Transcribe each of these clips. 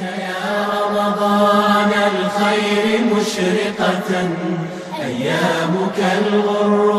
يا رمضان الخير مشرقة أيامك الغر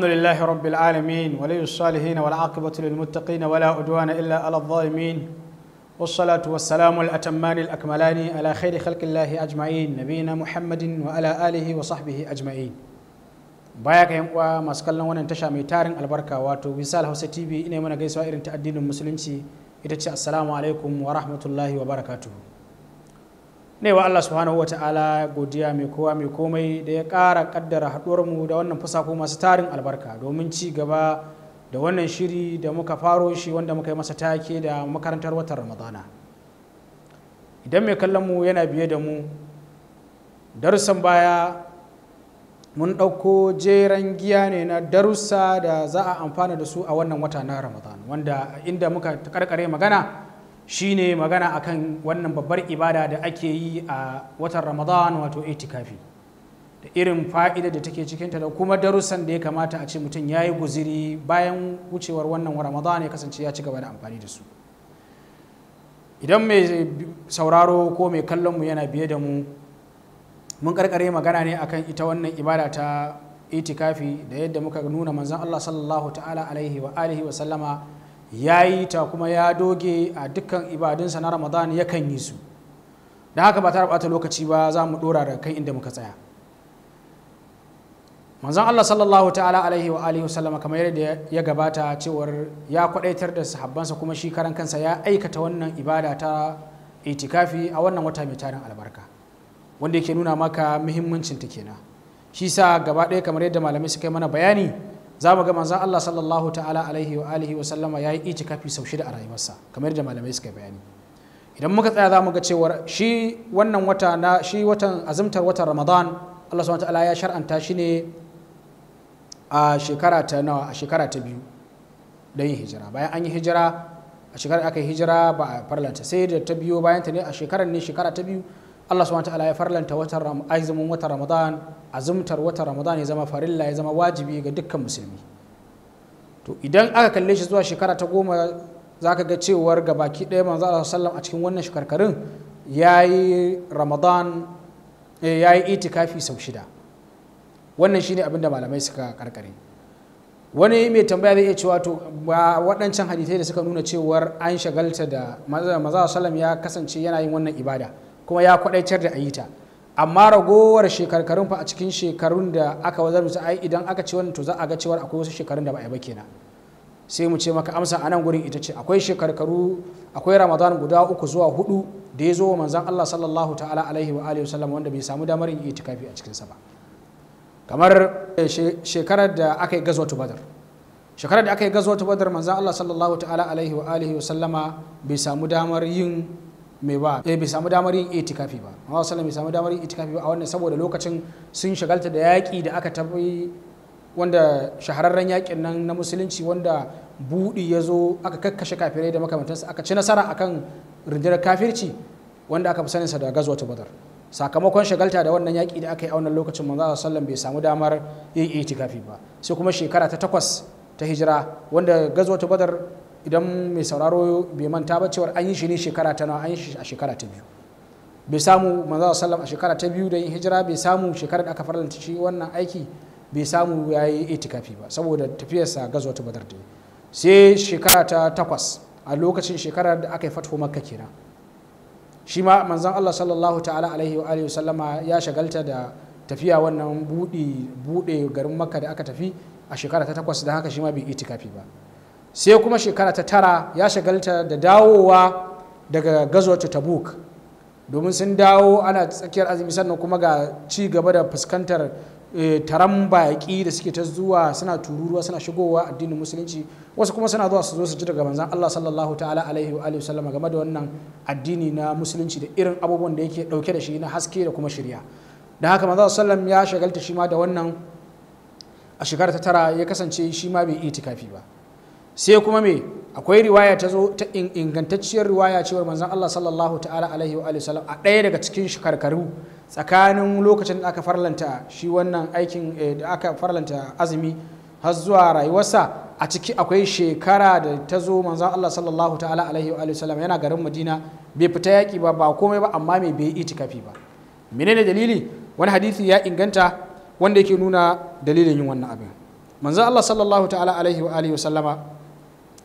الحمد لله رب العالمين ولي الصالحين والعاقبة للمتقين ولا أدوان إلا على الظالمين والصلاة والسلام الأتمان الأكملان على خير خلق الله أجمعين نبينا محمد وعلى آله وصحبه أجمعين baya uwa masu kallon wannan tasha mai tarin albarka wato wisal hausa tv ina mana gaisuwa irin ta addinin musulunci ita ce assalamu alaikum wa rahmatullahi wa barakatuhu ne wa Allah subhanahu wa ta'ala godiya mai kowa mai komai da ya ƙara ƙaddara mu da wannan fusako masu tarin albarka domin ci gaba da wannan shiri da muka faro shi wanda muka yi masa take da makarantar watan ramadana idan mai kallon mu yana biye da mu darussan baya mun ɗauko jeran giya ne na darussa da za a amfana da su a wannan wata na ramadan wanda inda muka karkare magana shine magana akan wannan babbar ibada da ake yi a watan ramadan wato itikafi da irin fa'ida da take cikinta da kuma darussan da ya kamata a ce mutum ya yi guziri bayan wucewar wannan ramadan ya kasance ya ci gaba da amfani da su idan mai sauraro ko mai kallon mu yana biye da mu mun karkare magana ne akan ita wannan ibada ta itikafi da yadda muka nuna manzon Allah sallallahu ta'ala alaihi wa alihi wa sallama ya yi ta kuma ya doge a dukkan ibadunsa na ramadan yakan yi su da haka ba ta rabata lokaci ba za mu dora daga kan inda muka tsaya manzon allah sallallahu ta'ala alaihi wa alihi wasallama kamar yadda ya gabata cewar ya kwadaitar da sahabbansa kuma shi karan kansa ya aikata wannan ibada ta itikafi a wannan wata mai tarin albarka wanda yake nuna maka muhimmancin ta kenan shi sa gaba ɗaya kamar yadda malamai suka yi mana bayani za mu ga manzon Allah sallallahu ta'ala alaihi wa alihi wa sallama yayi itikafi sau shida a rayuwarsa kamar da malamai suka bayani idan muka tsaya za mu ga cewa shi wannan wata na shi watan azumtar watan Ramadan Allah subhanahu ta'ala ya shar'anta shi ne a shekara ta nawa a shekara ta biyu don yin hijira bayan an yi hijira a shekarar aka yi hijira ba a farlanta sai da ta biyu bayan ta ne a shekarar ne shekara ta biyu Allah subhanahu ta'ala ya farlanta watan azumin Ramadan azumtar wata Ramadan ya zama farilla ya zama wajibi ga dukkan musulmi to idan aka kalle shi zuwa shekara ta goma zaka ga cewar ga baki ɗaya manzo Allah sallam a cikin wannan shekarkarin yayi Ramadan eh, yayi itikafi sau shida wannan shine abinda da malamai suka karkare wani mai tambaya zai iya cewa to ba waɗancan hadisai da suka nuna cewar an shagalta da maza sallam ya kasance yana yin wannan ibada kuma ya kwadaitar da a ta amma ragowar shekarkarun fa a cikin shekarun da aka wazar musu ai idan aka ci wannan to za a ga cewa akwai wasu shekarun da ba a ba kenan sai mu ce maka amsa anan gurin ita ce akwai shekarkaru akwai ramadan guda uku zuwa hudu da ya zo wa manzon Allah sallallahu ta'ala alaihi wa alihi wasallam wanda bai samu damar yin itikafi a cikin sa ba kamar eh, shekarar da aka yi gazwatu badar shekarar da aka yi gazwatu badar manzon Allah sallallahu ta'ala alaihi wa alihi wasallama bai samu damar yin mai ba eh bai samu damar yin itikafi ba amma sallallahu bai samu damar yin itikafi ba a wannan saboda lokacin sun shagalta da yaƙi da aka tafi wanda shahararren yaƙin nan na musulunci wanda buɗi ya zo aka kakkashe kafirai da makamantansa aka ci nasara akan rundunar kafirci wanda aka fi saninsa da gazwatu badar sakamakon shagalta da wannan yaƙi da aka yi a wannan lokacin manzo sallam bai samu damar yin itikafi ba sai kuma shekara ta takwas ta hijira wanda gazwatu badar idan mai sauraro bai manta ba cewar an yi shi ne shekara ta nawa an yi shi a shekara ta biyu bai samu manzo sallam a shekara ta biyu da yin hijira bai samu shekarar da aka farlanta shi wannan aiki bai samu ya yi itikafi ba saboda tafiyarsa gazo ta badar sai shekara ta takwas a lokacin shekarar da aka yi fatho makka kenan shi ma manzon Allah sallallahu ta'ala alaihi wa alihi sallama ya shagalta da tafiya wannan bude garin makka da aka tafi a shekara ta takwas da haka shi ma bai itikafi ba sai kuma shekara ta tara ya shagalta da dawowa daga gazwatu tabuk domin sun dawo ana tsakiyar azumi sannan kuma ga ci gaba da fuskantar eh, taron baƙi da suke ta zuwa suna tururuwa suna shigowa addinin musulunci wasu kuma suna zuwa su zo su ji daga manzan Allah sallallahu ta'ala alaihi wa alihi sallama game da wannan addini na musulunci da irin abubuwan da yake dauke da shi na haske da kuma shirya da haka manzan sallam ya shagalta shi ma da wannan a shekara ta tara ya kasance shi ma bai itikafi ba sai kuma me akwai riwaya ta zo ta ingantacciyar riwaya cewar manzon Allah sallallahu ta'ala alaihi wa sallam a ɗaya daga cikin shikarkaru tsakanin lokacin da aka farlanta shi wannan aikin eh, da aka farlanta azumi har zuwa rayuwarsa a ciki akwai shekara da ta zo manzon Allah sallallahu ta'ala alaihi wa sallam yana garin Madina bai fita yaki ba ba komai ba amma mai bai itikafi ba menene dalili wani hadisi ya inganta wanda yake nuna dalilin yin wannan abin manzon Allah sallallahu ta'ala alaihi wa sallama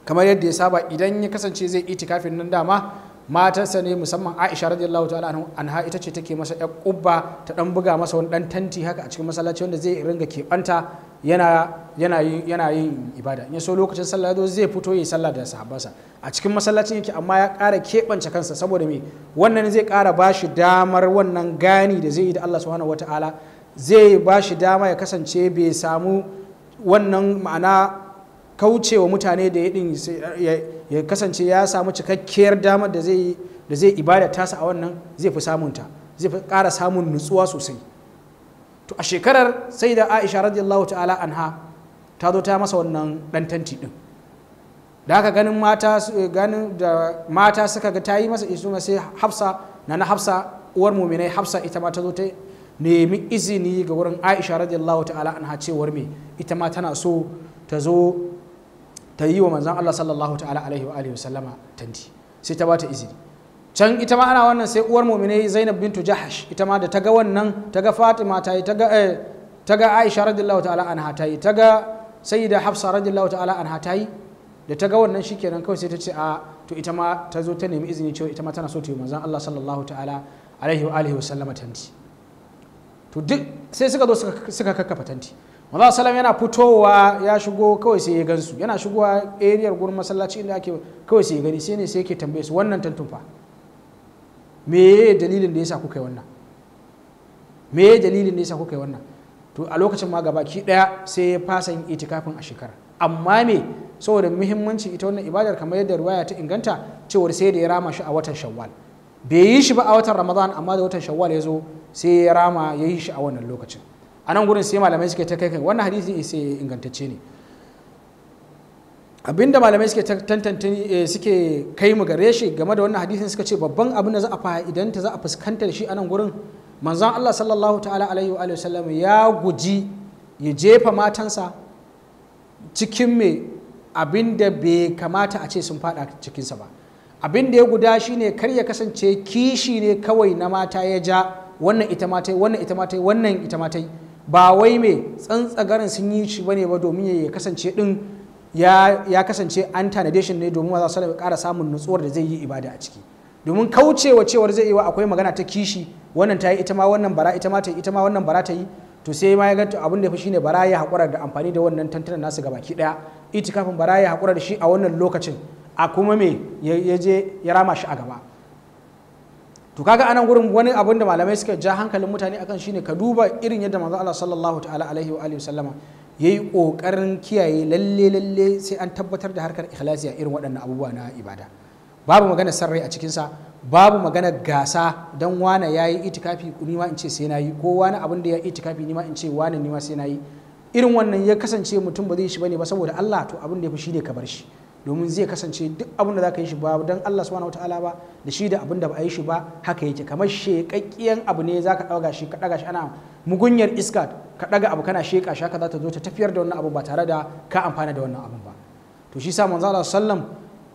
kamar yadda ya saba idan ya kasance zai itikafin nan dama matarsa ne musamman Aisha radiyallahu ta'ala anha ita ce take masa ya kubba ta dan buga masa wani dan tanti haka a cikin masallaci wanda zai ringa keɓanta yana yana yin ibada in ya so lokacin sallah zo zai fito yi sallah da sahabbansa a cikin masallacin yake amma ya kara keɓance kansa saboda me wannan zai ƙara bashi damar wannan gani da zai yi da Allah subhanahu wataala zai bashi dama ya kasance bai samu wannan ma'ana kauce wa mutane da ya kasance ya samu cikakkiyar damar da zai ibada tasa a wannan zai fi samunta zai fi ƙara samun nutsuwa sosai to a shekarar sai da aisha radiyallahu ta'ala anha ta zo ta masa wannan ɗan tanti ɗin da aka ganin mata ganin da mata suka ga ta yi masa isu sai hafsa na na hafsa uwar muminai hafsa ita ma ta zo ta nemi izini ga wurin aisha radiyallahu ta'ala anha cewar me ita ma tana so ta zo ta yi wa manzan Allah sallallahu ta'ala alaihi wa sallama tanti sai ta bata izini can ita ma ana wannan sai uwar mumine Zainab bintu Jahash ita ma da ta ga wannan ta ga Fatima ta yi eh, ta ga Aisha radiyallahu ta'ala anha ta yi ta ga Sayyida Hafsa radiyallahu ta'ala anha ta yi da ta ga wannan shikenan kawai sai ta ce a ah, to ita ma ta zo ta nemi izini cewa ita ma tana so ta yi manzan Allah sallallahu ta'ala alaihi wa sallama tanti to duk sai suka zo suka kakkafa tanti maza salam yana fitowa ya shigo kawai sai ya gansu yana shigowa eriyar gurin masallaci inda ake kawai sai ya gani sai ne sai yake tambaye su wannan tantun fa dalilin da yasa kuka yi wannan me dalilin da yasa kuka yi wannan to a lokacin ma gaba ki daya sai ya fasa yin itikafin a shekara amma me saboda muhimmanci ita wannan ibadar kamar yadda ruwaya ta inganta cewar sai da ya rama shi a watan shawwal bai yi shi ba a watan ramadan amma da watan shawwal ya zo sai ya rama ya yi shi a wannan lokacin a nan gurin sai malamai suke ta kai kai wannan hadisi sai ingantacce ne abinda malamai suke tantanta eh, suke kai mu gare shi game da wannan hadisin suka ce babban abin da za a fa'idanta za a fuskantar shi a nan gurin manzon Allah sallallahu ta'ala alaihi wa sallam ya guji ya jefa matansa cikin me abin da bai kamata a ce sun fada cikinsa ba abin da ya guda shine kar ya kasance kishi ne kawai na mata ya ja wannan ita matai wannan ita matai wannan ita matai ba wai mai tsantsagarin sun yi shi bane ba domin ya kasance din ya kasance an tanade shi ne domin maza sallallahu kara samun nutsuwar da zai yi ibada a ciki domin kaucewa cewar zai yi wa akwai magana ta kishi wannan ta yi ita ma wannan bara ita ma ta yi ita ma wannan bara ta yi to sai ma ya ga abin da ya fi shine bara ya haƙura da amfani da wannan tantanan nasu gabaki ɗaya itikafin bara ya haƙura da shi a wannan lokacin a kuma me ya je ya rama shi a gaba to kaga anan gurin wani abun da malamai suka ja hankalin mutane akan shine ka duba irin yadda manzo Allah sallallahu ta'ala alaihi wa alihi sallama yayi kokarin kiyaye lalle lalle sai an tabbatar da harkar ikhlasi a irin waɗannan abubuwa na ibada babu magana sarrai a cikin sa babu magana gasa dan wane yayi itikafi ni ma in ce sai nayi ko wani abun da ya itikafi ni ma in ce wani ni ma sai nayi irin wannan ya kasance mutum ba zai shi bane ba saboda Allah to abin da ya fi shine ka bar shi domin zai kasance duk abin da za ka yi shi ba don Allah subhanahu wataala ba da shi da abin da ba a yi shi ba haka yake kamar shekakkiyan abu ne za ka ɗaga shi ka ɗaga shi ana mugunyar iska ka ɗaga abu kana sheka shi haka za ta zo ta tafiyar da wannan abu ba tare da ka amfana da wannan abun ba to shi sa manzo Allah sallam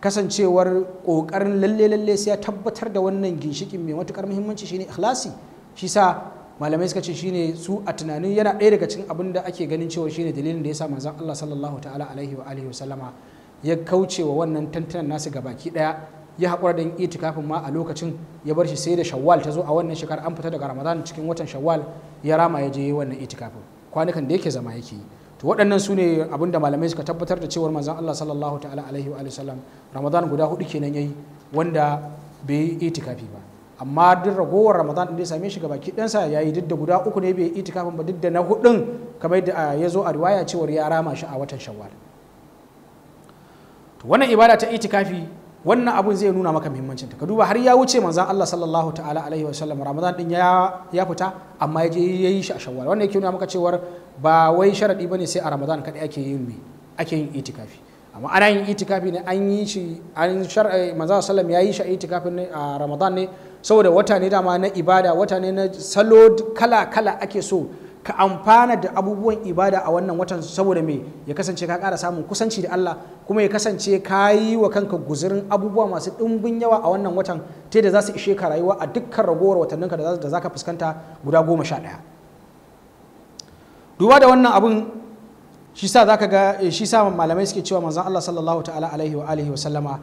kasancewar kokarin lalle lalle sai ya tabbatar da wannan ginshikin mai matukar muhimmanci shine ikhlasi shi sa malamai suka ce shine su a tunanin yana ɗaya daga cikin abin da ake ganin cewa shine dalilin da ya sa manzan Allah sallallahu ta'ala alaihi wa alihi wa sallama ya kauce wa wannan tantanan nasu baki daya ya haƙura da yin itikafin ma a lokacin ya bar shi sai da shawwal ta zo a wannan shekar an fita daga ramadan cikin watan shawwal ya rama ya je wannan itikafin kwanukan da yake zama yake yi to waɗannan su ne abinda malamai suka tabbatar da cewar manzon Allah sallallahu ta'ala alaihi wa sallam ramadan guda hudu kenan ya yi wanda bai yi itikafi ba amma duk ragowar ramadan da ya same shi baki ɗansa ya yi duk da guda uku ne bai yi itikafin ba duk da na hudun kamar da ya zo a riwaya cewar ya rama shi a watan shawwal to wannan ibada ta itikafi wannan abun zai nuna maka muhimmancin ka duba har ya wuce manzon Allah sallallahu ta'ala alaihi wa sallam Ramadan din ya fita amma ya je yayi shi a Shawwal wannan yake nuna maka cewar ba wai sharadi bane sai a Ramadan kadai ake yin me ake yin itikafi amma ana yin itikafi ne an yi shi an shar'a eh, manzon sallam ya yi shi a itikafi ne a Ramadan ne saboda wata ne dama na ibada wata ne na salo kala kala ake so ka amfana da abubuwan ibada a wannan watan saboda me ya kasance ka kara samun kusanci da Allah kuma ya kasance ka yi wa kanka guzurin abubuwa masu ɗumbin yawa a wannan watan ta da za su ishe ka rayuwa a dukkan ragowar watanninka da za ka fuskanta guda goma sha ɗaya duba da wannan abun shi sa za ka ga eh, shi sa malamai suke cewa manzon Allah sallallahu ta'ala alaihi wa alihi wa sallama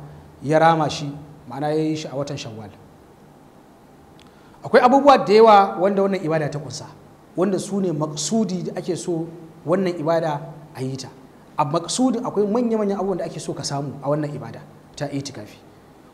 ya rama shi ma'ana ya yi shi a watan shawwal akwai abubuwa da yawa wanda wannan ibada ta kunsa wanda su ne maksudi da ake so wannan ibada a yi ta a maksudi akwai manya-manyan abubuwan da ake so ka samu a wannan ibada ta itikafi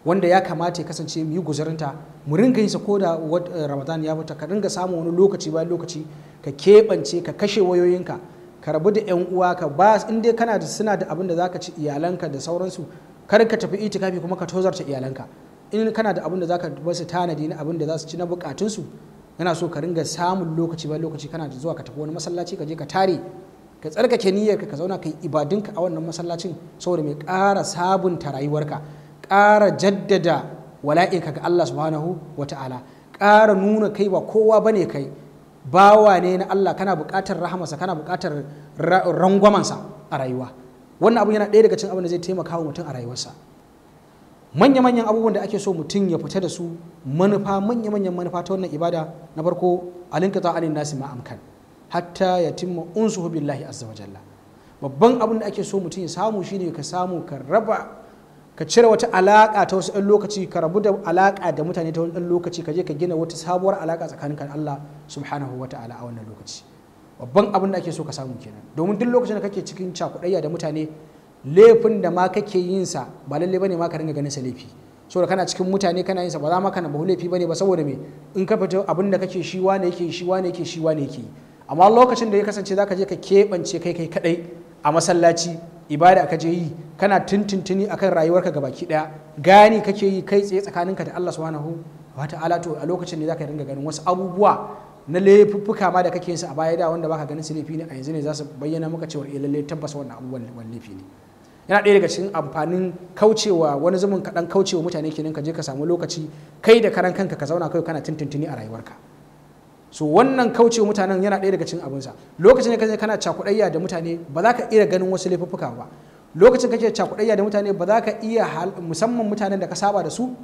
wanda ya kamata ya kasance mu yi guzarinta mu ringa yin sa ko da eh, ramadan ya fita ka ringa samun wani lokaci bayan lokaci ka keɓance ka kashe wayoyinka ka rabu da yan uwa ka ba in dai kana da suna da abin da zaka ci iyalanka da sauransu kar ka tafi itikafi kuma ka tozarta iyalanka in kana da abin da zaka basu tanadi na abin da za su ci na bukatunsu yana so ka ringa samun lokaci ba lokaci kana zuwa ka tafi wani masallaci ka je ka tare ka tsarkake niyyar ka zauna ka yi ibadunka a wannan masallacin saboda mai ƙara sabunta rayuwarka ƙara jaddada wala'inka ga Allah subhanahu wa ta'ala ƙara nuna kai ba kowa bane kai bawa ne na Allah kana buƙatar rahamarsa kana buƙatar rangwamansa a rayuwa wannan abu yana ɗaya daga cikin abin da zai taimaka wa mutum a rayuwarsa manya-manyan abubuwan da ake so mutum ya fita da su manufa manya-manyan manufa ta wannan ibada na farko alinka ta anin nasi ma amkan hatta ya timma hu billahi azza wa jalla babban abin da ake so mutum ya samu shine ka samu ka raba ka cire wata alaka ta wasu ɗan lokaci ka rabu da alaka da mutane ta wani lokaci ka je ka gina wata sabuwar alaka tsakanin kan Allah subhanahu wa ta'ala a wannan lokaci babban abin da ake so ka samu kenan domin duk lokacin da kake cikin cakuɗayya da mutane laifin da ma kake yin sa ba lalle bane ma ka dinga ganin sa laifi saboda kana cikin mutane kana yin sa ba za ma kana ba laifi bane ba saboda me in ka fito abin da kake shi wane yake shi wane yake shi wane yake amma lokacin da ya kasance zaka je ka keɓance kai kai kadai a masallaci ibada ka je yi kana tuntuntuni akan rayuwarka gabaki daya gani kake yi kai tsaye tsakaninka da Allah subhanahu wa ta'ala to a lokacin ne zaka dinga ganin wasu abubuwa na laifuffuka ma da kake yin sa a baya da wanda baka ganin su laifi ne a yanzu ne za su bayyana maka cewa eh lalle tabbas wannan abubuwan laifi ne yana ɗaya daga cikin amfanin kaucewa wani zumun kaɗan kaucewa mutane kenan ka je ka samu lokaci kai da karan kanka ka zauna kai kana tuntuntuni a rayuwarka so wannan kaucewa mutanen yana ɗaya daga cikin abinsa lokacin da kana cakuɗayya da mutane ba za ka iya ganin wasu laifuffuka ba lokacin kake cakuɗayya da mutane ba za ka iya musamman mutanen da ka saba da su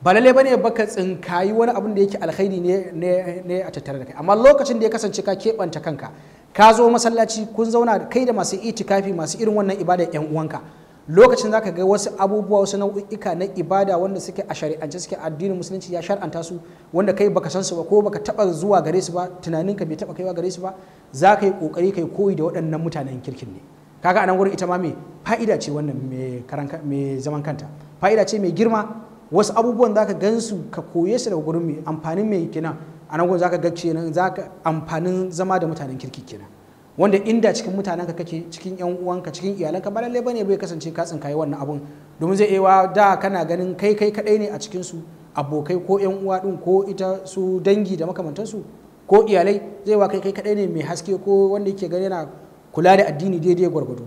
ba lalle bane ba ka tsinkayi wani abin da yake alkhairi ne a tattare da kai amma lokacin da ya kasance ka keɓanta kanka ka zo masallaci kun zauna kai da masu itikafi masu irin wannan ibada yan uwanka lokacin zaka ga wasu abubuwa wasu nau'ika na ibada wanda suke a shari'ance suke addinin musulunci ya shar'anta su wanda kai baka san su ba ko baka taba zuwa gare su ba tunaninka bai taba kaiwa gare su ba za ka yi kokari kai koyi da waɗannan mutanen kirkin ne kaga anan wurin ita ma me fa'ida ce wannan mai zaman kanta fa'ida ce mai girma wasu abubuwan zaka gansu ka koye su daga gurin mai amfanin mai kenan a nan ka zaka nan za ka amfanin zama da mutanen kirki kenan wanda inda cikin mutanen ka kake cikin yan uwanka cikin iyalanka ka balalle bane bai kasance ka tsinkaye wannan abun domin zai iya da kana ganin kai kai kadai ne a cikin su abokai ko yan uwa din ko ita su dangi da makamantansu ko iyalai zai wa kai kai kadai ne mai haske ko wanda yake gani yana kula da addini daidai gwargwado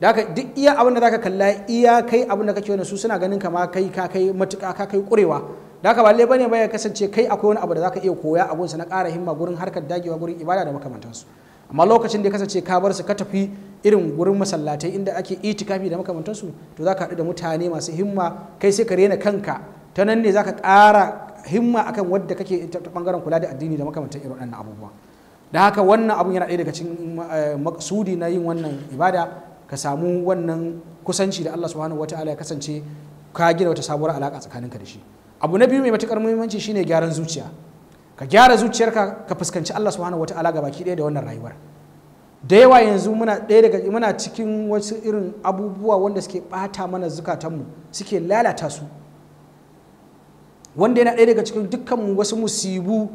da duk iya abin da zaka kalla iya kai abin da kake wani su suna ganin kama kai ka kai matuƙa ka kai ƙurewa da haka ba bane ba ya kasance kai akwai wani abu da zaka iya koya a gunsa na ƙara himma gurin harkar dagewa gurin ibada da makamantansu amma lokacin da ya kasance ka bar su ka tafi irin gurin masallatai inda ake itikafi da makamantansu to zaka haɗu da mutane masu himma kai sai ka rena kanka ta nan ne zaka ƙara himma akan wadda kake ta bangaren kula da addini da makamantan irin wannan abubuwa da haka wannan abun yana ɗaya daga cikin eh, maksudi na yin wannan ibada ka samu wannan kusanci da Allah subhanahu wataala ya kasance ka gina wata sabuwar alaka tsakaninka da shi abu na biyu mai matukar muhimmanci shine gyaran zuciya ka gyara zuciyarka ka fuskanci Allah subhanahu wataala ga baki ɗaya da wannan rayuwar da yawa yanzu muna ɗaya daga muna cikin wasu irin abubuwa wanda suke ɓata mana zukatanmu suke lalata su wanda yana ɗaya daga cikin dukkan wasu musibu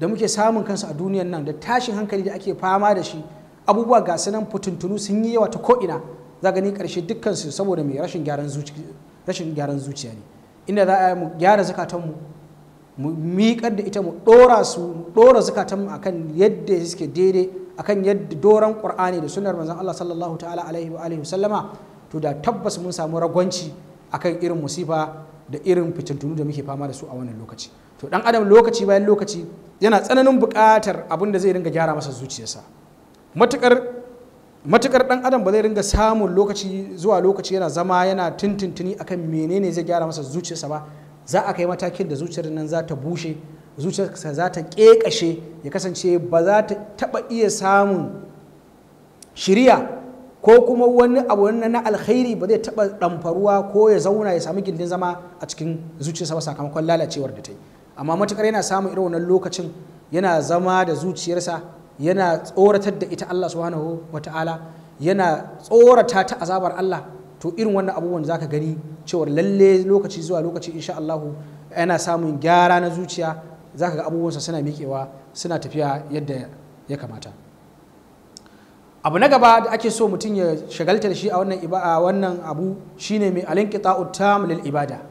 da muke samun kansu a duniyar nan da tashin hankali da ake fama da shi abubuwa ga sanan fitintunu sun yi yawa ta ko'ina za gani ƙarshe dukkansu saboda mai rashin gyaran zuciya ne inda za a mu gyara zukatanmu mu miƙar da ita mu ɗora su mu ɗora zukatanmu akan yadda suke daidai akan yadda doron ƙur'ani da sunnar manzon Allah sallallahu ta'ala alaihi wa alihi sallama to da tabbas mun samu ragwanci akan irin musifa da irin fitintunu da muke fama da su a wannan lokaci to dan adam lokaci bayan lokaci yana tsananin buƙatar abin da zai ringa gyara masa zuciyarsa matukar matukar dan adam ba zai ringa samun lokaci zuwa lokaci yana zama yana tintintini akan menene zai gyara masa zuciyarsa ba za a kai matakin da zuciyar nan za ta bushe zuciyarsa za ta kekashe ya kasance ba za ta taɓa iya samun shiriya ko kuma wani abu na alkhairi ba zai taɓa ɗamfaruwa ko ya zauna ya samu gindin zama a cikin zuciyarsa ba sakamakon lalacewar da ta yi amma matukar yana samun irin wannan lokacin yana zama da zuciyarsa yana tsoratar da ita Allah subhanahu wata'ala yana tsorata ta azabar Allah to irin wannan abubuwan zaka gani cewa lalle lokaci zuwa lokaci insha Allahu yana samun gyara na zuciya zaka ga abubuwansa suna mikewa suna tafiya yadda ya kamata abu na gaba da ake so mutum ya shagalta shi a wannan wannan abu shine mai alinqita'u tam lil ibada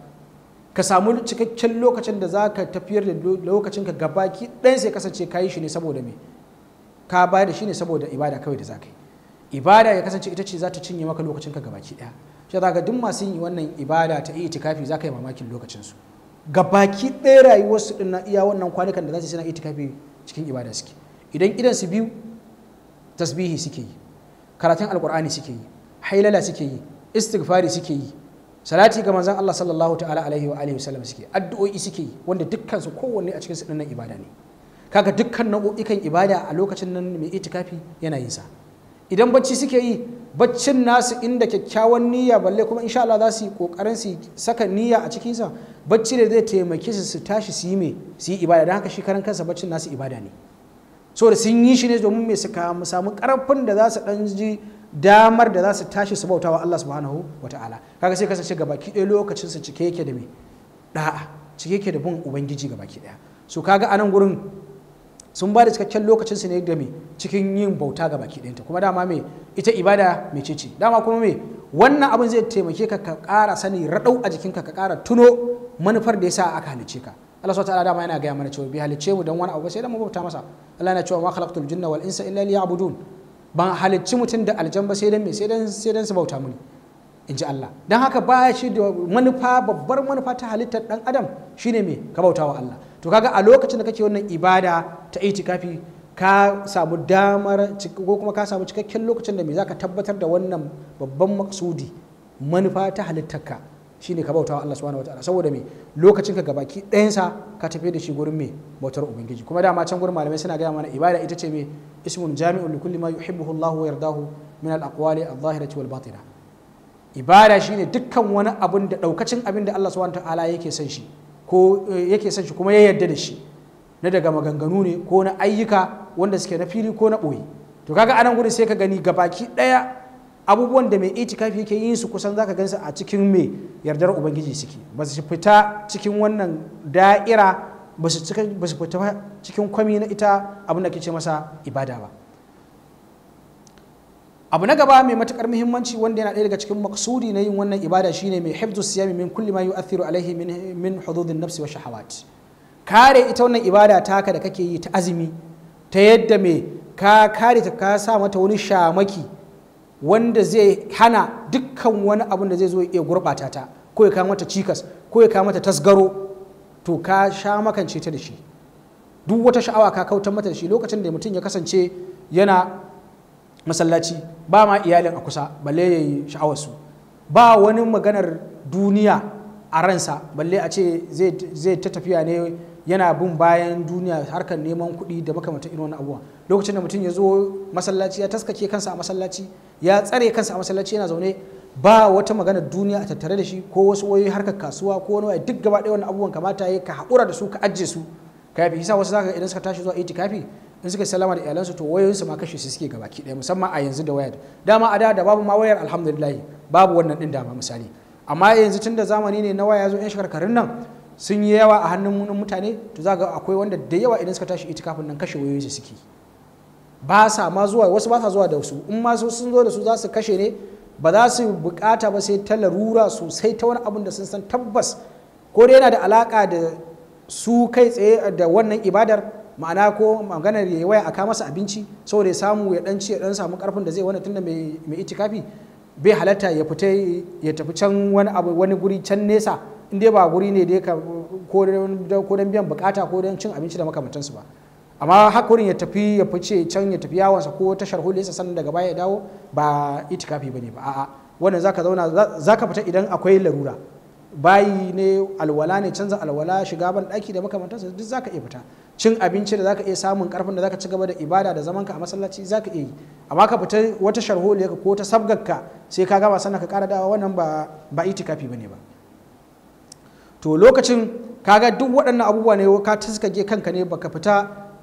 ka samu cikakken lokacin da zaka tafiyar da lokacinka gabaki dan sai kasance kayi shi ne saboda me ka bayar da shi ne saboda ibada kawai da za yi ibada ya kasance ita ce za ta cinye maka lokacinka gabaki daya shi za ga duk masu yin wannan ibada ta iya itikafi za ka yi mamakin lokacin lokacinsu gabaki ɗaya rayuwarsu su na iya wannan kwanukan da za su suna itikafi cikin ibada suke idan idan su biyu tasbihi suke yi karatun alkur'ani suke yi hailala suke yi istighfari suke yi salati ga manzon Allah sallallahu ta'ala alaihi wa alihi wasallam suke addu'o'i suke yi wanda dukkan su kowanne a cikin su dinnan ibada ne kaga dukkan nau'ikan ibada a lokacin nan mai itikafi yana yin sa idan bacci suke yi baccin nasu inda kyakkyawan niyya balle kuma insha Allah za su kokarin su saka niyya a cikin sa bacci da zai taimake su su tashi su yi me su yi ibada don haka shi karan kansa baccin nasu ibada ne so da sun yi shi ne domin me su samu karfin da za su dan ji damar da za su tashi su bautawa Allah subhanahu wataala kaga sai kasance gabaki ɗaya lokacin su cike yake da me da'a cike yake da bin ubangiji gabaki ɗaya so kaga anan gurin sun ba da cikakken lokacin su ne da me cikin yin bauta ga baki ɗinta kuma dama me ita ibada mai ce dama kuma me wannan abin zai taimake ka ka ƙara sani raɗau a jikinka ka ƙara tuno manufar da yasa aka halicce ka Allah subhanahu ta'ala dama yana gaya mana cewa bi halicce mu dan wani abu sai da mu bauta masa Allah yana cewa ma khalaqtul jinna wal insa illa liya'budun ban halicci mutum da aljamba sai dan me sai dan sai dan su bauta muni in ji Allah dan haka ba shi da manufa babbar manufa ta halittar dan adam shine mai ka bauta wa Allah to kaga a lokacin da kake wannan ibada ta itikafi ka samu damar ko kuma ka samu cikakken lokacin da me zaka tabbatar da wannan babban maksudi manufa ta halittarka shine ka bautawa Allah subhanahu wataala saboda me lokacin ka gabaki ɗayansa ka tafi da shi gurin me bautar ubangiji kuma dama can gurin malamai suna gaya mana ibada ita ce me ismun jami'un kulli ma yuhibbuhu Allahu wa yardahu min al-aqwali adh-dhahirati wal batina ibada shine dukkan wani abin da daukacin abin da Allah subhanahu wataala yake son shi ko eh, yake son shi kuma ya yarda da shi na daga maganganu ne ko na ayyuka wanda suke na fili ko na ɓoye to kaga anan gudu sai ka gani baki ɗaya abubuwan da mai kafi yake yin su kusan zaka gansu a cikin mai yardar ubangiji suke ba su fita cikin wannan da'ira ba su fita cikin kwami na ita abin da ke ce masa ibada ba abu na gaba mai matukar muhimmanci wanda yana ɗaya daga cikin maksudi na yin wannan ibada shine mai hifzu siyami min kulli ma yu'athiru alaihi min min hududin nafsi wa shahawat kare ita wannan ibada taka da kake yi ta azumi ta yadda mai ka kare ta ka sa mata wani shamaki wanda zai hana dukkan wani abun da zai zo ya gurbata ta ko ya kawo mata cikas ko ya kawo mata tasgaro to ka sha makance ta da shi duk wata sha'awa ka kautar mata da shi lokacin da mutum ya kasance yana masallaci ba ma iyalin a kusa balle ya yi sha'awarsu ba wani maganar duniya a ransa balle a ce zai ta tafiya ne yana bin bayan duniya harkar neman kuɗi da makamata irin wani abuwa lokacin da mutum ya zo masallaci ya taskake kansa a masallaci ya tsare kansa a masallaci yana zaune ba wata maganar duniya a tattare da shi ko wasu wayoyi harkar kasuwa ko wani duk gaba ɗaya wani abubuwan kamata ya ka haƙura da su ka ajiye su kafi isa wasu zaka idan suka tashi zuwa itikafi in suka salama da iyalansu to wayoyinsu ma kashe su suke gaba ki ɗaya musamman a yanzu da wayar dama a da da babu ma wayar alhamdulillah babu wannan din dama misali amma yanzu tun da zamani ne na waya zo yan shekarun nan sun yi yawa a hannun mutane to za ga akwai wanda da yawa idan suka tashi itikafin nan kashe wayoyinsu suke ba sa ma zuwa wasu ba sa zuwa da su in ma sun zo da su za su kashe ne ba za su bukata ba sai ta larura sosai ta wani abun da sun san tabbas ko dai yana da alaka da su kai tsaye da wannan ibadar ma'ana ko maganar ya yi waya a ka masa abinci saboda ya samu ya dan ci ya dan samu karfin da zai wani tunda mai ita itikafi bai halatta ya fita ya tafi can wani abu wani guri can nesa in ba guri ne da ya ko don biyan bukata ko don cin abinci da makamantansu ba amma hakurin ya tafi ya fice can ya tafi yawansa ko tashar hulisa sannan daga baya ya dawo ba itikafi kafi ba a'a wannan zaka zauna zaka fita idan akwai larura bayi ne alwala ne canza alwala shiga ban daki da makamantansa duk zaka iya fita cin abinci da zaka iya samun karfin da zaka ci gaba da ibada da zamanka a masallaci zaka iya yi amma ka fita wata ka ko ta sabgarka sai ka gama sannan ka kara dawa wannan ba ba itikafi bane ba to lokacin ka ga duk waɗannan abubuwa ne ka taskaje kanka ne baka fita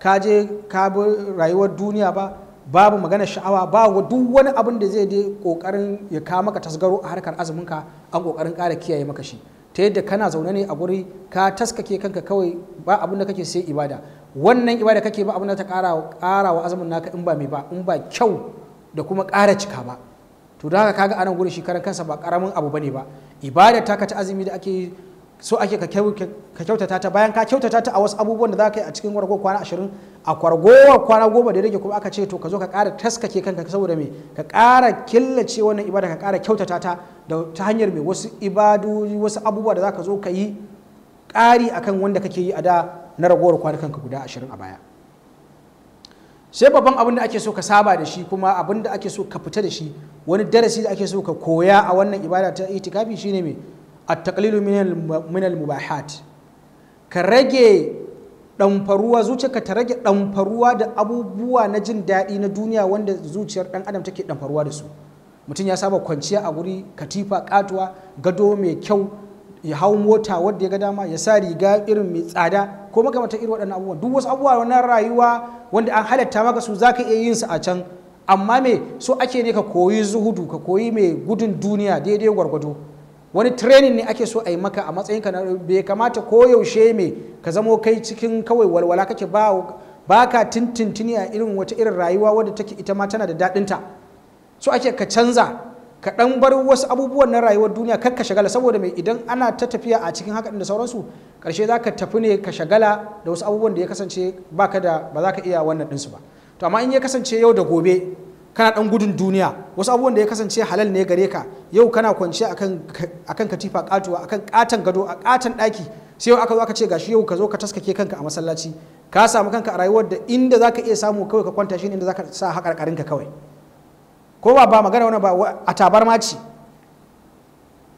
ka je ka bi rayuwar duniya ba babu magana sha'awa ba duk wani abin da zai je kokarin ya kama maka tasgaro a harkar azumin ka an kokarin kara kiyaye maka shi ta yadda kana zaune ne a guri ka taskake kanka kawai ba abin da kake sai ibada wannan ibada kake ba abin da ta ƙara wa azumin naka in ba mai ba in ba kyau da kuma ƙara cika ba to da haka kaga anan gurin shi karan kansa ba karamin abu bane ba ibada ta ka ta azumi da ake so ake ka kyautata ta bayan ka kyautata ta a wasu abubuwan da za ka yi a cikin wargo kwana ashirin a kwargo kwana goma da rage kuma aka ce to ka zo ka ƙara taskake kanka saboda me ka kara killace wannan ibada ka kara kyautata ta da ta hanyar me wasu ibadu wasu abubuwa da za ka zo ka yi ƙari akan wanda kake yi a da na ragowar kwana kanka guda ashirin a baya sai babban abin da ake so ka saba da shi kuma abin da ake so ka fita da shi wani darasi da ake so ka koya a wannan ibada ta itikafi shine me attaqlilu min al-mubahat ka rage ɗamfaruwa ka ta rage ɗamfaruwa da abubuwa na jin daɗi na duniya wanda zuciyar ɗan adam take ɗamfaruwa da su mutum ya saba kwanciya a guri katifa katuwa gado mai kyau ya hau mota wadda ya ga dama ya sa riga irin mai tsada ko makamata irin waɗannan abubuwa duk wasu abubuwa na rayuwa wanda an halatta maka su zaka iya yin su a can amma me so ake ne ka koyi zuhudu ka koyi mai gudun duniya daidai gwargwado wani training ne ake so a yi maka a matsayin ka bai kamata ko yaushe me ka zamo kai cikin kawai walwala kake ba ba ka tintintini a irin wata irin rayuwa wadda take ita ma tana da daɗinta so ake ka canza ka ɗan bar wasu abubuwan na rayuwar duniya kar ka shagala saboda mai idan ana ta tafiya a cikin haka da sauransu ƙarshe za ka tafi ne ka shagala da wasu abubuwan da ya kasance baka da ba za ka iya wannan ɗinsu ba to amma in ya kasance yau da gobe kana dan gudun duniya wasu abubuwan da ya kasance halal ne gare ka yau kana a akan katifa katuwa akan katan gado a katan daki sai yau aka zo aka ce gashi yau ka zo ka taskake kanka a masallaci ka samu kanka a rayuwar da inda zaka iya samu kawai ka kwanta shi inda zaka sa hakarkarin ka kawai ko ba ba magana wani ba a tabar ce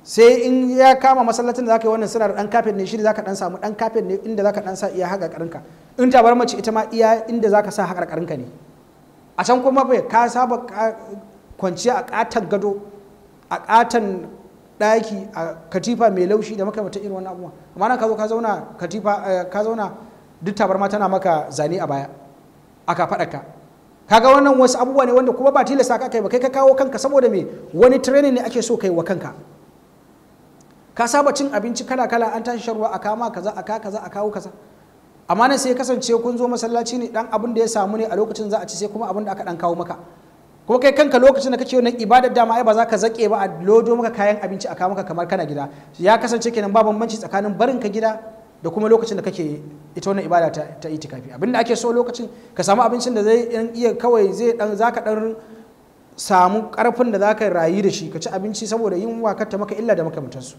sai in ya kama masallacin da zaka yi wannan suna da dan kafet ne shi zaka dan samu dan kafet ne inda zaka dan sa iya hakarkarin ka in tabar maci ita ma iya inda zaka sa hakarkarin ka ne a can kuma bai ka saba kwanciya a katon gado a katon ɗaki a katifa mai laushi da maka irin wannan abubuwa amma nan ka zo ka zauna katifa eh, ka zauna duk tabarma tana maka zane a baya aka faɗa ka kaga wannan wasu abubuwa ne wanda kuma ba tilasta ka kai ba kai ka kawo kanka saboda me wani training ne ake so kai wa kanka ka saba cin abinci kala kala an tashi sharwa a kama kaza a kawo kaza amma nan sai kasance kun zo masallaci ne dan abin da ya samu ne a lokacin za a ci sai kuma abin da aka dan kawo maka kuma kai kanka lokacin da kake wannan ibadar dama ai ba za ka zake ba a lodo maka kayan abinci a kawo maka kamar kana gida ya kasance kenan ba bambanci tsakanin barin ka gida da kuma lokacin da kake ita wannan ibada ta, ta itikafi abinda ake so lokacin ka samu abincin da zai iya kawai zai dan zaka dan samu karfin da zaka rayu da shi ka ci abinci saboda yin wakar ta maka illa da maka su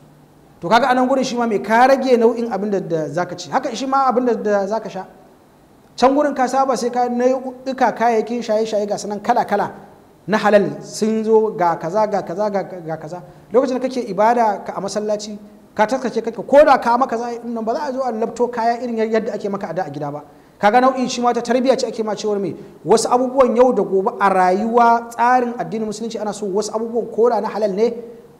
to kaga anan gurin shi ma mai ka rage nau'in abin da zaka ci haka shi ma abin da zaka sha can gurin ka saba sai ka nau'uka kayayyakin shaye-shaye ga sanan kala-kala na halal sun zo ga kaza ga kaza ga kaza lokacin da kake ibada a masallaci ka taskace kake ko da ka maka za nan ba za a zo a labto kaya irin yadda ake maka a a gida ba kaga nau'in shi ma ta tarbiyya ce ake ma cewar me wasu abubuwan yau da gobe a rayuwa tsarin addinin musulunci ana so wasu abubuwan ko da na halal ne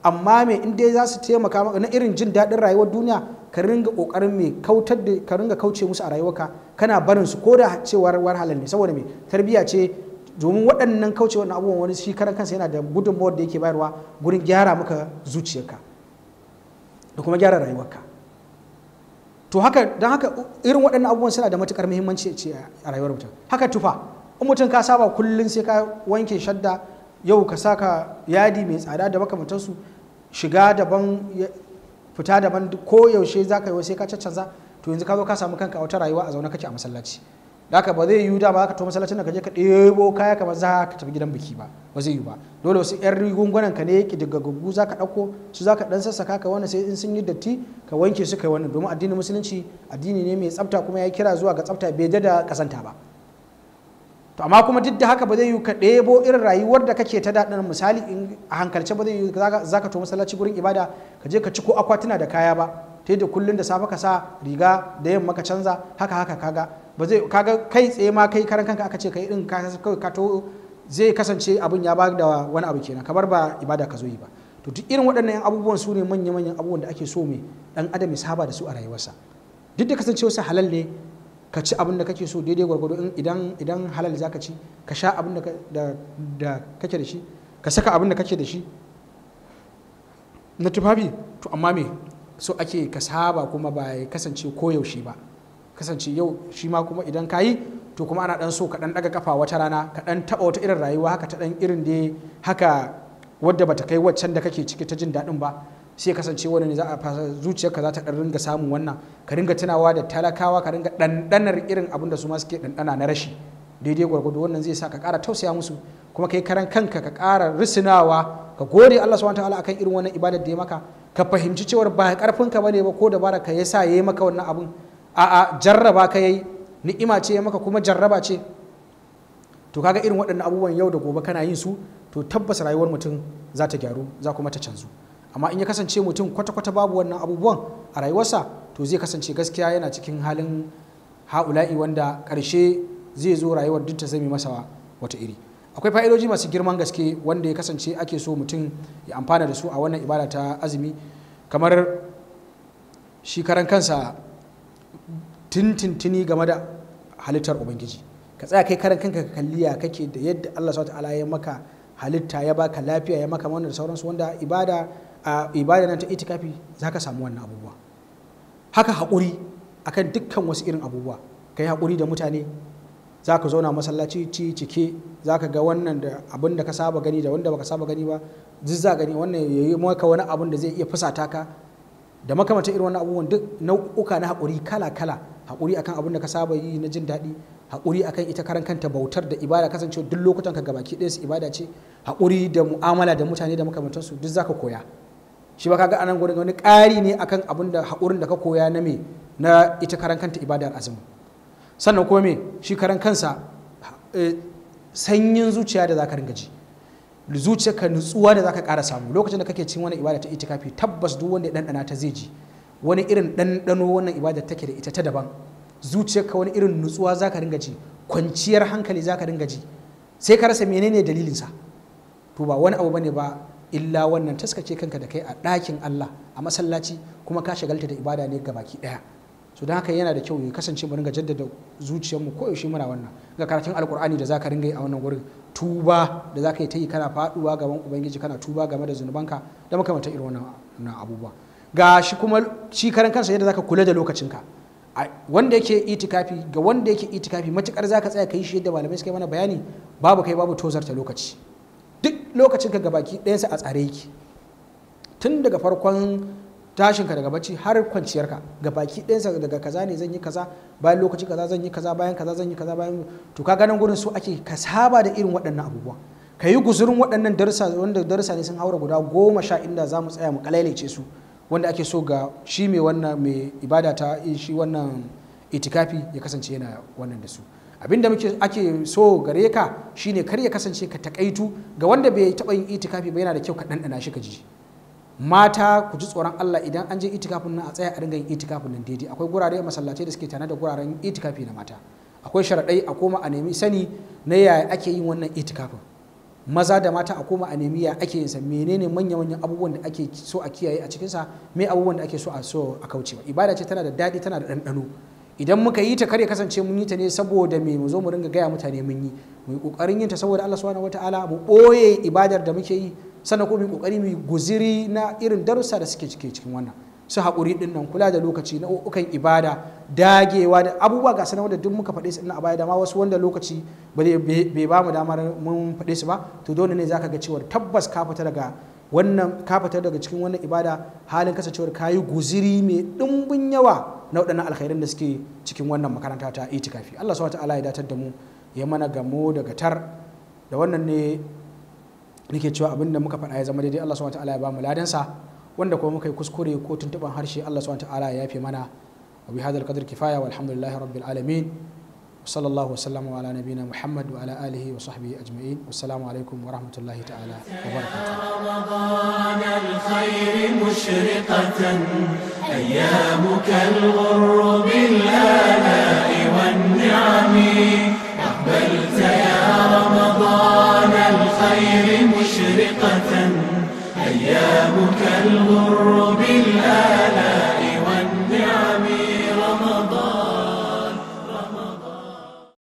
amma me in dai za su taimaka maka na irin jin daɗin rayuwar duniya ka ringa ƙoƙarin mai kautar da ka ringa kauce musu a rayuwarka kana barin su ko da cewar war halal ne saboda me tarbiyya ce domin waɗannan kauce wannan abubuwan wani shi karan kansa yana da gudunmawar da yake bayarwa gurin gyara maka zuciyarka da kuma gyara rayuwarka to haka don haka irin waɗannan abubuwan suna da matukar muhimmanci a rayuwar mutum haka tufa in mutum ka saba kullum sai ka wanke shadda yau ka saka yadi mai tsada da makamantansu shiga daban fita daban ko yaushe za ka yi sai ka caccanza to yanzu ka zo ka samu kanka a wata rayuwa a zaune kake a masallaci ka ba zai yiwu da za ka to masallacin da ka je ka ɗebo kaya kamar za ka tafi gidan biki ba ba zai yiwu ba dole wasu yan rigungunan ka ne daga gugu za ka ɗauko su za ka ɗan sassaka ka wani sai in sun yi datti ka wanke su kai wani domin addinin musulunci addini ne mai tsafta kuma ya kira zuwa ga tsafta bai da kasanta ba to amma kuma duk da haka ba zai yi ka ɗebo irin rayuwar da kake ta daɗin misali in a hankalce ba zai yi za ka to masallaci gurin ibada ka je ka ci ko akwatuna da kaya ba ta da kullum da safe ka sa riga da yamma ka canza haka haka kaga ba zai kaga kai tsaye ma kai karan kanka aka ce kai irin ka to zai kasance abin ya ba da wani abu kenan kamar ba ibada ka zo yi ba to duk irin waɗannan abubuwan su ne manya-manyan abubuwan da ake so mai ɗan adam ya saba da su a rayuwarsa duk da kasancewa halal ne ka ci abin da kake so daidai gwargwado idan idan halal zaka ci ka sha abin da kake da shi ka saka abin da kake da shi na tufafi to amma me so ake ka saba kuma ba ya kasance koyaushe ba kasance yau shi ma kuma idan ka yi to kuma ana dan so ka dan daga kafa wata rana ka dan taba wata irin rayuwa haka ta dan irin da haka wadda bata kai waccan da kake ciki ta jin daɗin ba sai kasance wani ne za a fasa zuciyarka za ta ɗan ringa samun wannan ka ringa tunawa da talakawa ka ringa ɗanɗanar irin abin da su ma suke ɗanɗana na rashi daidai gwargwado wannan zai sa ka ƙara tausaya musu kuma kai karan kanka ka ƙara risinawa ka gode Allah subhanahu wataala akan irin wannan ibadar da ya maka ka fahimci cewar ba karfin ka bane ba ko da dabara ka ya yayi maka wannan abin a'a jarraba ka yayi ni'ima ce ya maka kuma jarraba ce to kaga irin waɗannan abubuwan yau da gobe kana yin su to tabbas rayuwar mutum za ta gyaru za kuma ta canzu amma in ya kasance mutum kwata-kwata babu wannan abubuwan a rayuwarsa to zai kasance gaskiya yana cikin halin ha'ula'i wanda karshe zai zo rayuwar duk ta zame masa wata iri akwai fa'idoji masu girman gaske wanda ya kasance ake so mutum ya amfana da su a wannan ibada ta azumi kamar shi karan kansa tintintini game da halittar ubangiji ka tsaya kai karan kanka ka kalli ya kake da yadda Allah subhanahu ta'ala ya maka halitta ya baka lafiya ya maka wannan da sauransu wanda ibada a ibada na ta itikafi za ka samu wannan abubuwa haka haƙuri akan dukkan wasu irin abubuwa ka yi haƙuri da mutane za ka zauna masallaci ci cike za ka ga wannan da abin da ka saba gani da wanda baka saba gani ba duk za gani wannan ya yi maka wani abin da zai iya fusata ka da makamantan irin wannan abubuwan duk nau'uka na haƙuri kala kala haƙuri akan abin da ka saba yi na jin daɗi haƙuri akan ita karan kanta bautar da ibada kasancewa duk lokutan ka gabaki ɗaya su ibada ce haƙuri da mu'amala da mutane da makamantansu duk za ka koya shi ba kaga anan gurin wani ƙari ne akan abin da haƙurin da ka koya na me na ita karan kanta ibadar azumi sannan kuma me shi karan kansa eh, sanyin zuciya da zaka ringa ji ka nutsuwa da zaka ƙara samu lokacin da kake cin wani ibada ta itikafi tabbas duk wanda ya ɗanɗana ta zai ji wani irin ɗanɗano wannan ibada take da ita ta daban ka wani irin nutsuwa zaka ringa ji kwanciyar hankali zaka ringa ji sai ka rasa menene dalilinsa to ba wani abu bane ba illa wannan taskace kanka da kai a ɗakin Allah a masallaci kuma ka shagalta da ibada ne ga baki ɗaya so don haka yana da kyau ya kasance mu ringa jaddada zuciyarmu ko yaushe muna wannan ga karatun alkur'ani da zaka ringa yi a wannan wurin tuba da zaka yi ta yi kana faduwa gaban ubangiji kana tuba game da zunubanka da makamanta irin wannan abubuwa ga shi kuma shi karan kansa yadda zaka kula da lokacinka wanda yake itikafi ga wanda yake itikafi matukar zaka tsaya kai shi yadda malamai suka yi mana bayani babu kai babu tozarta lokaci duk lokacin ka gabaki ɗayansa a tsare yake tun daga farkon tashinka daga bacci har kwanciyarka gabaki ɗayansa daga kaza ne zan yi kaza bayan lokaci kaza zan yi kaza bayan kaza zan yi kaza bayan to ka ganin gurin su ake ka saba da irin waɗannan abubuwa ka yi guzurin waɗannan darussa wanda darussa ne sun haura guda goma sha inda za mu tsaya mu kalailace su wanda ake so ga shi mai wannan mai ibada ta shi wannan itikafi ya kasance yana wannan da su abinda muke ake so gare ka shine kar ya kasance ka takaitu ga wanda bai taba yin itikafi ba yana da kyau ka ɗanɗana shi ka ji mata ku ji tsoron Allah idan an je itikafin nan a tsaya a ringa yin itikafin nan daidai akwai gurare masallatai da suke tana da guraren itikafi na mata akwai sharaɗai a koma a nemi sani na yaya ake yin wannan itikafin maza da mata a koma a nemi ya ake yin sa menene manya manyan abubuwan da ake so a kiyaye a cikin sa me abubuwan da ake so a so a kaucewa ibada ce tana da daɗi tana da ɗanɗano idan muka yi ta kar kasance mun yi ta ne saboda me mu zo mu ringa gaya mutane mun yi mu yi kokarin yin ta saboda Allah subhanahu wataala mu boye ibadar da muke yi sannan ko mu yi kokari mu guziri na irin darussa da suke cike cikin wannan su haƙuri din nan kula da lokaci na ukan ibada dagewa da abubuwa ga sanar da duk muka faɗe su a baya da ma wasu wanda lokaci bai ba mu damar mun faɗe su ba to dole ne zaka ga cewa tabbas ka fita daga wannan ka fita daga cikin wannan ibada halin kasancewar kayi guziri mai ɗumbin yawa na waɗannan alkhairan da suke cikin wannan makaranta ta itikafi Allah subhanahu ta'ala ya datar da mu ya mana gamo daga tar da wannan ne nake cewa abin da muka faɗa ya zama daidai Allah subhanahu ta'ala ya ba mu ladansa wanda kuma muka yi kuskure ko tuntuban harshe Allah subhanahu ta'ala ya yafe mana wa bi hadal qadr kifaya walhamdulillahi rabbil alamin وصلى الله وسلم على نبينا محمد وعلى آله وصحبه أجمعين والسلام عليكم ورحمة الله تعالى وبركاته رمضان الخير مشرقة أيامك الغر بالآلاء والنعم أقبلت يا رمضان الخير مشرقة أيامك الغر